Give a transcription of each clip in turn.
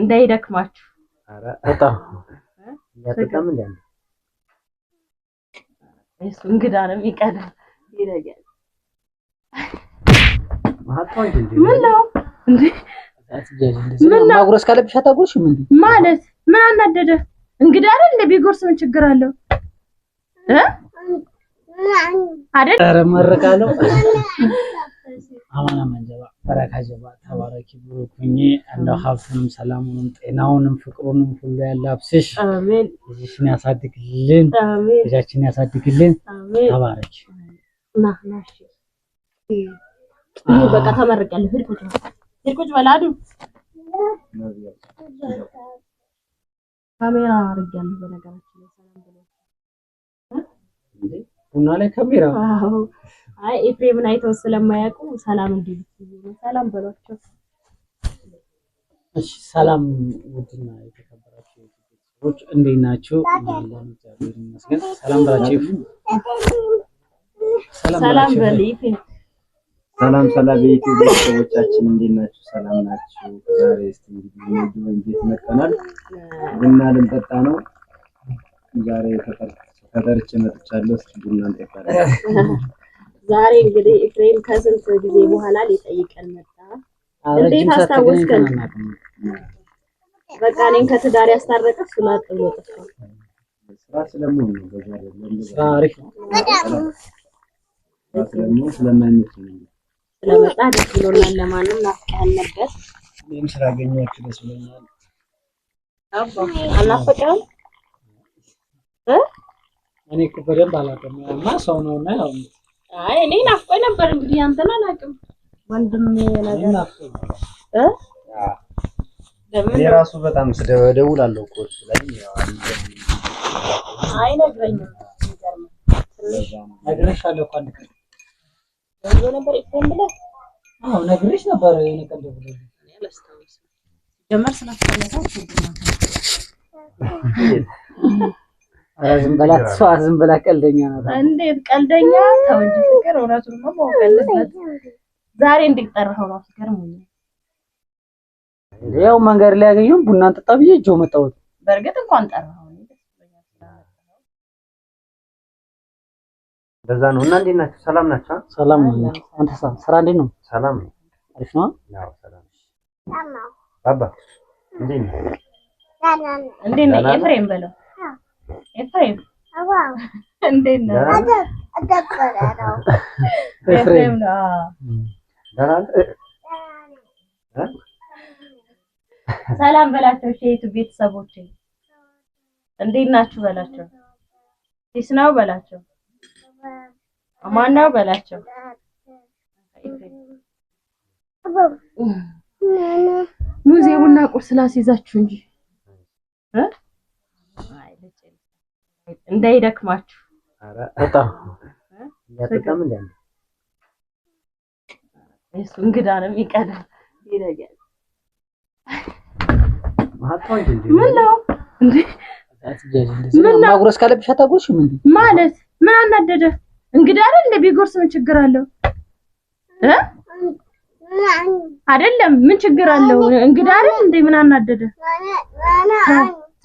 እንዳይደክማችሁ በጣም በጣም እንዳለ እሱ እንግዳ ነው የሚቀደም ይረጋል። ማጉረስ ካለብሽ አታጉርሽም እንዴ? ማለት ምን አናደደ? እንግዳ አይደል እንደ ቢጎርስ ምን ችግር አለው? አይደል ኧረ መረቃ ነው አማና መንጀባ ጀባ በረካ ጀባ ተባረኪ ብሩክ ሁኚ። እንደው ሀብቱንም ሰላሙንም ጤናውንም ፍቅሩንም ሁሉ ያላብስሽ አብስሽ ልጅሽን ያሳድግልን፣ ልጃችን ያሳድግልን። ተባረኪ በቃ ተመርቂያለሁ። ካሜራ አድርጌያለሁ። በነገራችን ላይ ሰላም ቡና ላይ ካሜራ አይ ኤፍሬምን አይተው ስለማያውቁ ሰላም እንዲሉት ነው። ሰላም በሏቸው። እሺ፣ ሰላም ውድና የተከበራችሁ ሰዎች እንዴት ናችሁ? ይመስገን። ሰላም በላችሁ። ሰላም በሊፍ ሰላም ሰላም በዩቲዩብ ሰዎቻችን እንዴት ናችሁ? ሰላም ናችሁ? ዛሬ እስቲ እንግዲህ እንዴት መቀናል ቡና ልንጠጣ ነው። ዛሬ ተጠርቼ መጥቻለሁ። እስቲ ቡና እንጠጣለን። ዛሬ እንግዲህ ኤፍሬም ከስንት ጊዜ በኋላ ሊጠይቀን መጣ። እንዴት አስታወስከን? በቃ እኔን ከትዳር ያስታረቀ ስላጥ ነው። ስራ ስለምን ነው ስራ አሪፍ ነው። ስለመጣ ደስ ብሎናል። ለማንም ነበር። እኔም ስራ አገኘኋችሁ ደስ ብሎኛል። እኔ እኮ በደንብ አላውቅም። ያማ ሰው ያው አይ እኔ ናፍቆኝ ነበር። እንግዲህ አንተን አላውቅም ወንድሜ ነገር እ ለምን በጣም ስደውላለሁ እኮ እሱ ላይ አይነግረኝም። ነግሬሻለሁ ነበር ጀመር ስለፈለሳት ዝም በላ እሷ ዝም በላ ቀልደኛ ናት። እንዴት ቀልደኛ ተው እንጂ ፍቅር፣ እውነቱን ነው ማወቅ ዛሬ እንዴት ነው ፍቅር? ያው መንገድ ላይ ያገኘሁት ቡና እንጠጣ ብዬ እጆ መጣሁት። በእርግጥ እንኳን ጠራኸው እንደዛ ነው። እና እንዴት ናችሁ? ሰላም ናችሁ? ሰላም ነው። አንተ ስራ እንዴት ነው? ሰላም ነው። አሪፍ ነው። ያው ሰላም ነው። አባ እንዴት ነው? እንዴት ነው ኤፍሬም በለው ኤፍሬም ኤፍሬም ነው። ሰላም በላቸው የዩቱብ ቤተሰቦች እንዴት ናችሁ በላቸው። ዲስ ነው በላቸው። አማናው በላቸው። ሙዚየሙና ቁርስ ላስይዛችሁ እንጂ እንዳይደክማችሁ እሱ እንግዳ ነው ምን እንዴ? ማጉረስ ካለብሽ ማለት ምን አናደደ? እንግዳ አይደል ቢጎርስ ምን ችግር አለው? አይደለም ምን ችግር አለው? እንግዳ አይደል እንዴ ምን አናደደ?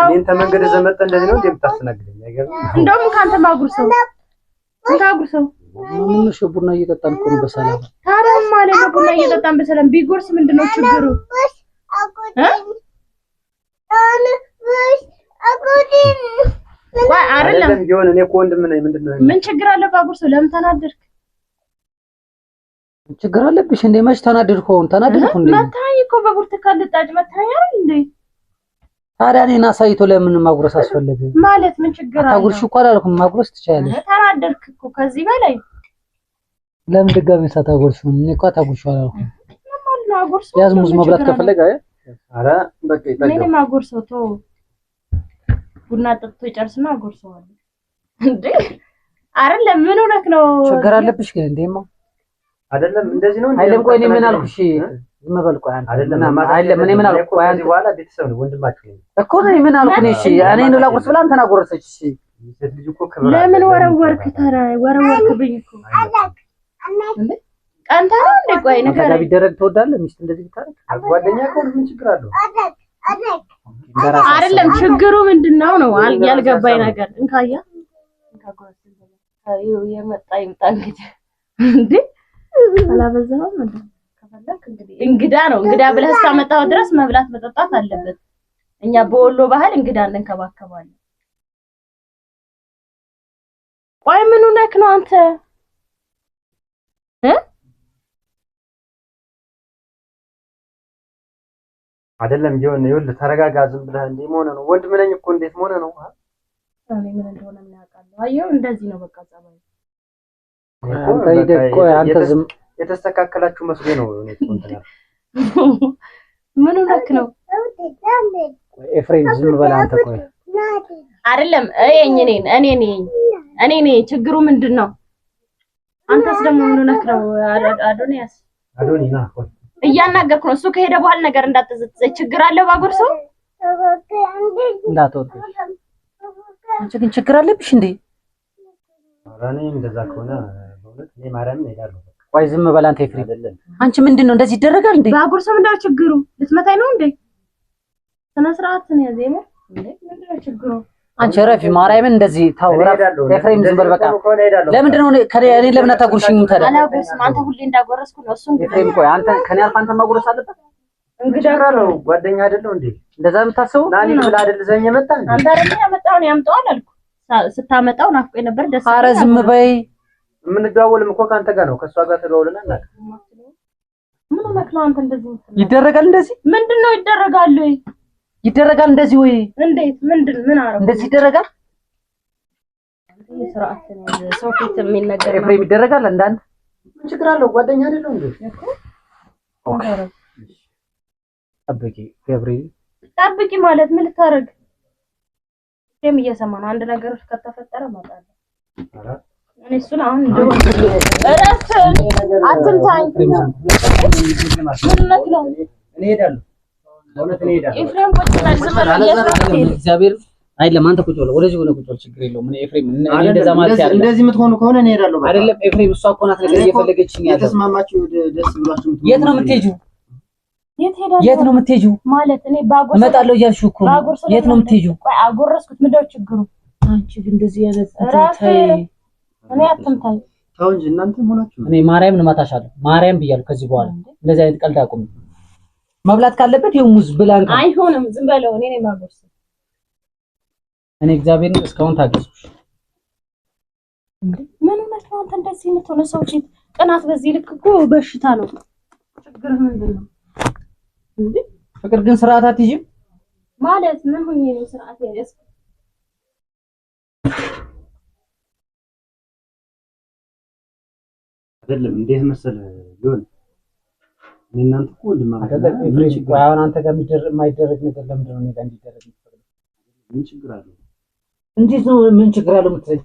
እኔን ተመንገደ ዘመጠ እንደዚህ ነው እንደምታስተናግደኝ ነገር እንደውም ካንተ ማጉርሰው ሰው ምን ነው ቡና እየጠጣን እኮ ነው በሰላም ታዲያ ማለት ነው። ቡና እየጠጣን በሰላም ቢጎርስ ምንድነው ችግሩ? ወይ አይደለም ቢሆን እኔ እኮ ወንድም ነኝ። ምንድነው ምን ችግር አለ ባጉርሰው? ለምን ተናደድክ? ችግር አለብሽ እንዴ? መች ተናደድኩ? አሁን ተናደድኩ እንዴ? መታኝ እኮ በቡርቱካን ልጣጭ መታኝ አይደል እንዴ? ታዲያ እኔን አሳይቶ ለምን ማጉረስ አስፈለገ? ማለት ምን ችግር አለ? አታጉርሽ እኮ አላልኩም። ማጉረስ ትችያለሽ። ተናደድክ እኮ ከዚህ በላይ ለምን ድጋሚ ሳታጉርሽ? እኔ እኮ አታጉርሽ አላልኩም። ያዝ ሙዝ መብላት ከፈለገ አይ፣ ኧረ በቃ ይጣጋ። ምን አጎርሰው ቶ ቡና ጠጥቶ ይጨርስና አጎርሰዋለሁ እንዴ። አረ ለምን ሆነክ ነው? ችግር አለብሽ ግን እንዴማ አይደለም እንደዚህ ነው። አይደለም ቆይ እኔ ምን አልኩሽ? ዝም በል ቆይ አንተ አይደለም አይደለም እኔ ምን አልኩ? ቆይ አንተ በኋላ ቤተሰብ ነው ወንድማችሁ ነው እኮ ነው ምን አልኩ? ነው እሺ እኔ ነው ላጎርስ ብላ አንተን አጎረሰች። እሺ ለምን ወረወርክ? ተራ ወረወርክብኝ እኮ ቀንታ ነው እንደ ቆይ ነገር ጋር ቢደረግ ትወዳለህ? ሚስት እንደዚህ ብታረግ ጓደኛ ከሆነ ምን ችግር አለው? አይደለም ችግሩ ምንድነው ነው ያልገባኝ ነገር እንካያ እንካጎርስ ይኸው የመጣ ይምጣ እንግዲህ እንዴ አላበዛሁም። እንግዳ ነው እንግዳ ብለህ እስካመጣኸው ድረስ መብላት መጠጣት አለበት። እኛ በወሎ ባህል እንግዳ እንንከባከባለን። ቆይ ምኑ ነክ ነው አንተ እ አይደለም የሆነ ይኸውልህ፣ ተረጋጋ። ዝም ብለህ እንዴ መሆነ ነው ወንድ ምነኝ እኮ እንዴት መሆነ ነው? እኔ ምን እንደሆነ ምን ያውቃለሁ። አየው እንደዚህ ነው በቃ ጸባይ የተስተካከላችሁ መስሎ ነው። ምን ነክ ነው ኤፍሬም? ዝም በላ አንተ። ቆይ አይደለም እኔ እኔ እኔ እኔ ችግሩ ምንድን ነው? አንተስ ደግሞ ምን ነክ ነው? አዶኒያስ አዶኒና እያናገርኩ ነው። እሱ ከሄደ በኋላ ነገር እንዳትዘዘች ችግር አለ ባጎር ሰው እንዳትወጡ። አንቺ ግን ችግር አለብሽ እንዴ? ኧረ እኔ እንደዛ ከሆነ ቆይ ዝም በል አንተ ኤፍሬም፣ አንቺ ምንድን ነው እንደዚህ ይደረጋል እንዴ? ባጉር ሰው እንዳው ችግሩ ልትመታኝ ነው እንዴ? ስነ ስርዓት ነው ያዘኝ። አንቺ ረፊ ማርያምን እንደዚህ ታው ኤፍሬም ዝም በል በቃ። ለምንድን ነው ከኔ ለምን አታጉርሽኝም ታዲያ? አላጎርስም። አንተ ሁሌ እንዳጎረስኩ ነው እሱ። ኤፍሬም ቆይ አንተ ከኔ አልፋ አንተ ማጉረስ አለበት እንግዲህ ነው ጓደኛ አይደለው እንዴ? እንደዛ የምታስበው ናኒ ብላ አይደል ዘኝ የመጣ አንተ አይደል ያመጣው ነው ያምጣው አላልኩ። ስታመጣው ናፍቆኝ ነበር ደስ። ኧረ ዝም በይ የምንደዋወልም እኮ ከአንተ ጋር ነው። ከእሷ ጋር ተደዋውለን አናውቅም። ምን ሆነህ ነው አንተ? እንደዚህ ይደረጋል? እንደዚህ ምንድን ነው ይደረጋል? ወይ ይደረጋል? እንደዚህ ወይ እንዴት? ምንድን ምን አደረገው? እንደዚህ ይደረጋል? ስርዓትን ሰው ፊት የሚነገር ኤፍሬም ይደረጋል? እንዳንተ ምን ችግር አለው? ጓደኛ አይደለም እንዴ? ጠብቂ ኤፍሬም፣ ጠብቂ ማለት ምን ልታደርግ? ኤፍሬም እየሰማ ነው። አንድ ነገር ከተፈጠረ እመጣለሁ። እሱን አሁን እረፍ አትምታኝ። ምንነት ወደዚህ ሆነ ቁጭ ችግር የለውም። እኔ ኤፍሬም እንደዛ ማለት ያለ እንደዚህ የምትሆኑ ከሆነ እኔ እሄዳለሁ። አይደለም ኤፍሬም እሷ እኮ ናት ነገር እየፈለገችኝ ያለው የተስማማችሁ ደስ ብሏችሁ የት ነው የምትሄጂው? የት ነው የምትሄጂው? ማለት እኔ ባጎር እመጣለሁ እያልሽው እኮ የት ነው የምትሄጂው? አጎረስኩት። ምንድን ችግሩ? አንቺ እንደዚህ ያለ እኔ አትምታኝ ተው እንጂ እናንተ ሆናችሁ። እኔ ማርያምን እመታሻለሁ፣ ማርያም ብያለሁ። ከዚህ በኋላ እንደዚህ አይነት ቀልድ አቁም። መብላት ካለበት ይኸው ሙዝ ብላን። አይሆንም፣ ዝም በለው። እኔ ነኝ የማጎርሰው። እኔ እግዚአብሔር እስካሁን ታገስኩሽ። ምን ማለት ነው? አንተ እንደዚህ የምትሆነ ሰው ፊት ቅናት በዚህ ልክ እኮ በሽታ ነው። ችግር ምንድን ነው እንዴ? ፍቅር ግን ስርዓት አትይዥም ማለት ምን ሆኜ ነው ስርዓት ያለስ አይደለም እንዴት መሰለ ሊሆን እናንተ እኮ አሁን አንተ ጋር የማይደረግ ነገር ለምንድን ነው እኔ ጋር እንዲደረግ ምን ችግር አለ እንዴት ነው ምን ችግር አለ የምትለኝ?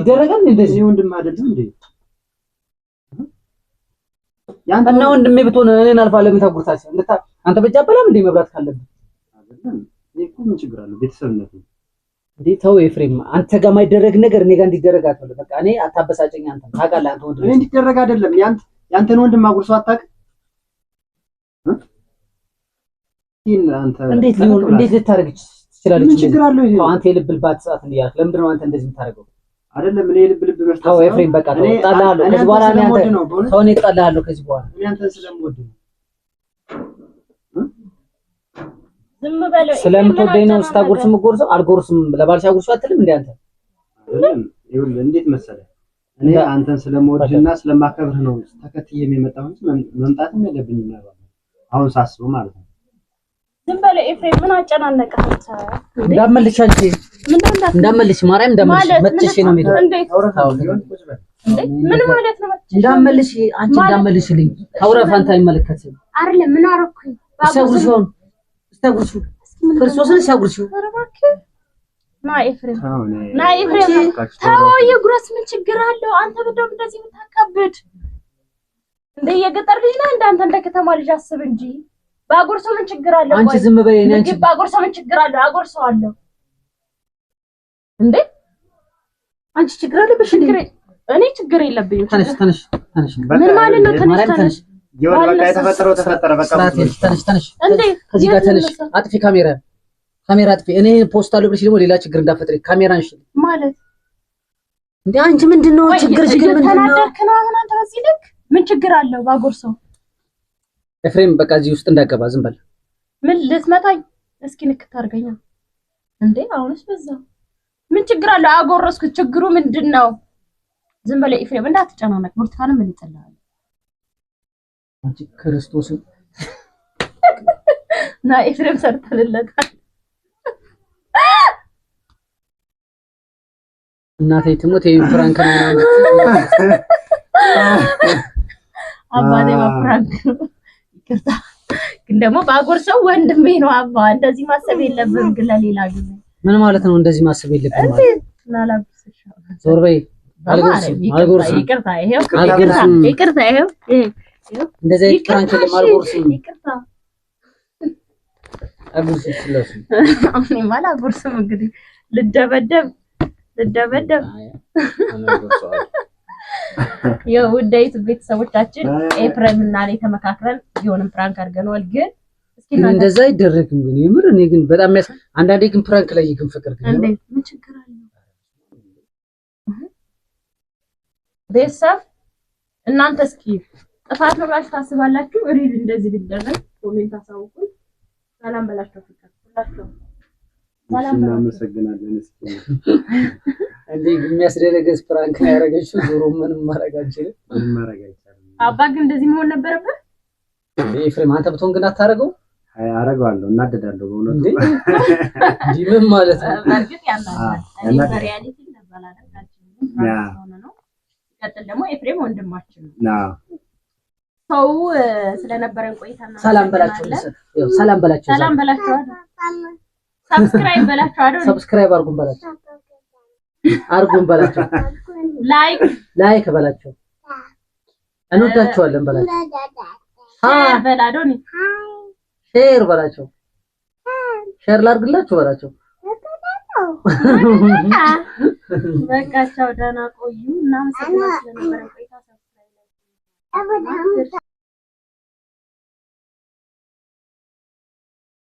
ይደረጋል እንደዚህ ወንድም አይደለም እንዴ? ያንተ እና ወንድሜ ብትሆን እኔን አልፋ ለምን ታጉርታለህ? አንተ በእጅ አበላም እንዴ መብላት ካለብህ አይደለም? ይሄ እኮ ምን ችግር አለ ቤተሰብነት ነው እንዴ ተው ኤፍሬም፣ አንተ ጋር ማይደረግ ነገር እኔ ጋር እንዲደረግ አትፈልግ። በቃ እኔ አታበሳጨኝ። አንተ ታውቃለህ፣ አንተ ወንድ እኔ እንዲደረግ አይደለም። ያንተ ያንተን ወንድም አጉርሶ አታውቅም። አንተ እንዴት ሊሆን እንዴት ልታደርግ ትችላለች? ምን ችግር አለው? ይሄ አንተ የልብ ልባት ሰዓት እንዴ ያልክ ለምንድን ነው አንተ እንደዚህ የምታደርገው? አይደለም እኔ የልብ ልብ መፍታት። ተው ኤፍሬም፣ በቃ ተው። እጠላለሁ ከዚህ በኋላ እኔ አንተ ተው፣ እኔ እጠላለሁ ከዚህ በኋላ እኔ አንተ ስለምወድ ነው ዝም በለው። ስለምትወደኝ ነው ስታጎርስ የምትጎርሰው? አልጎርስም ለባልሽ አጉርሰው አትልም እንዴ አንተ? ይኸውልህ እንዴት መሰለህ እኔ አንተን ስለማከብርህ ነው ተከትዬ የመጣሁት። መምጣትም ያለብኝ ነው አሁን ሳስበው ማለት ነው። ዝም በለው ኤፍሬም፣ ምን አንተ? አንቺ ማርያም ነው ምን ማለት ነው? አንቺ፣ አይመለከትም አይደለም። ምን ሲያጉርሹ ክርስቶስን ሲያጉርሹ ና ኤፍሬም ተው፣ የጉረስ ምን ችግር አለው? አንተ ብደም እንደዚህ የምታካብድ እንደ የገጠር ልጅ ነህ። እንዳንተ እንደ ከተማ ልጅ አስብ እንጂ በአጎርሰው ምን ችግር አለው? አንቺ ዝም በይ። እኔ አንቺ በአጎርሰው ምን ችግር አለው? አለው እንዴ አንቺ ችግር አለብሽ እንዴ? እኔ ችግር የለብኝም። ተነሽ ተነሽ ተነሽ። ምን ማለት ነው? ተነሽ ተነሽ ከዚህ ጋር ተነሽ። አጥፊ ካሜራ ካሜራ አጥፊ። እኔ ፖስት አለው ብለሽ ደግሞ ሌላ ችግር እንዳፈጥሪ ካሜራ አንሽ ማለት እንዴ! አንቺ ችግር ችግር አሁን አንተ በዚህ ልክ ምን ችግር አለው? ባጎርሰው ኤፍሬም፣ በቃ እዚህ ውስጥ እንዳገባ ዝም በል። ምን ልትመታኝ? እስኪ ንክት አድርገኛ እንዴ! አሁንስ በዛ ምን ችግር አለው? አጎረስኩት። ችግሩ ምንድነው? ዝም በለ ኤፍሬም፣ እንዳትጨናነቅ። ብርቱካንም ምን አንቺ ክርስቶስን ና ኤፍሬም ሰርተልለታል። እናቴ ትሞት ይሄን ፍራንክ ነው አባቴ ፍራንክ ይቅርታ፣ ግን ደግሞ ባጎር ሰው ወንድሜ ነው። አባ እንደዚህ ማሰብ የለብንም ግን ለሌላ ጊዜ ምን ማለት ነው? እንደዚህ ማሰብ የለብንም ማለት ዞር በይ። አልጎርስም፣ አልጎርስም፣ ይቅርታ፣ ይሄው፣ ይቅርታ፣ ይሄው እንደዚህ አይነት ፕራንክ አልጎርስም። እኔማ አልጎርስም። እንግዲህ ልደበደብ ልደበደብ። የውዳይቱ ቤተሰቦቻችን ኤፕሪል እና እኔ ተመካክረን ቢሆንም ፕራንክ አድርገነዋል ግን እንደዛ አይደረግም ግን የምር እኔ ግን በጣም አንዳንዴ ግን ፕራንክ ላይ ግን ፍቅር ግን ቤተሰብ እናንተ እስኪ ጥፋት ነው ብላችሁ ታስባላችሁ? ሪል እንደዚህ ቢደረግ ኮሜንት አሳውቁ። ሰላም በላችሁ ፍቅር ሁላችሁ እናመሰግናለን። እስኪ እንዴ ዞሮ ምንም ማድረግ አልችልም። ምንም ማድረግ አይቻልም። አባ ግን እንደዚህ መሆን ነበረበት። ኤፍሬም አንተ ብትሆን ግን አታደርገው። አረገዋለሁ፣ እናደዳለሁ። በእውነቱ ምን ማለት ነው? እኔ በሪያሊቲ ነበር ነው። ደግሞ ኤፍሬም ወንድማችን ነው። ሰው ስለነበረን ቆይታ ሰላም በላቸው። ሰላም በላቸው። ሰላም በላቸው። ሰብስክራይብ በላቸው። አይደል? ሰብስክራይብ አርጉን በላቸው። አርጉን በላቸው። ላይክ ላይክ በላቸው። እንወዳቸዋለን በላቸው። ሼር በላቸው። ሼር በላቸው። ሼር ላርግላችሁ በላቸው። በቃ ቻው፣ ደህና ቆዩ። እናመሰግናለን። 妈妈，这是。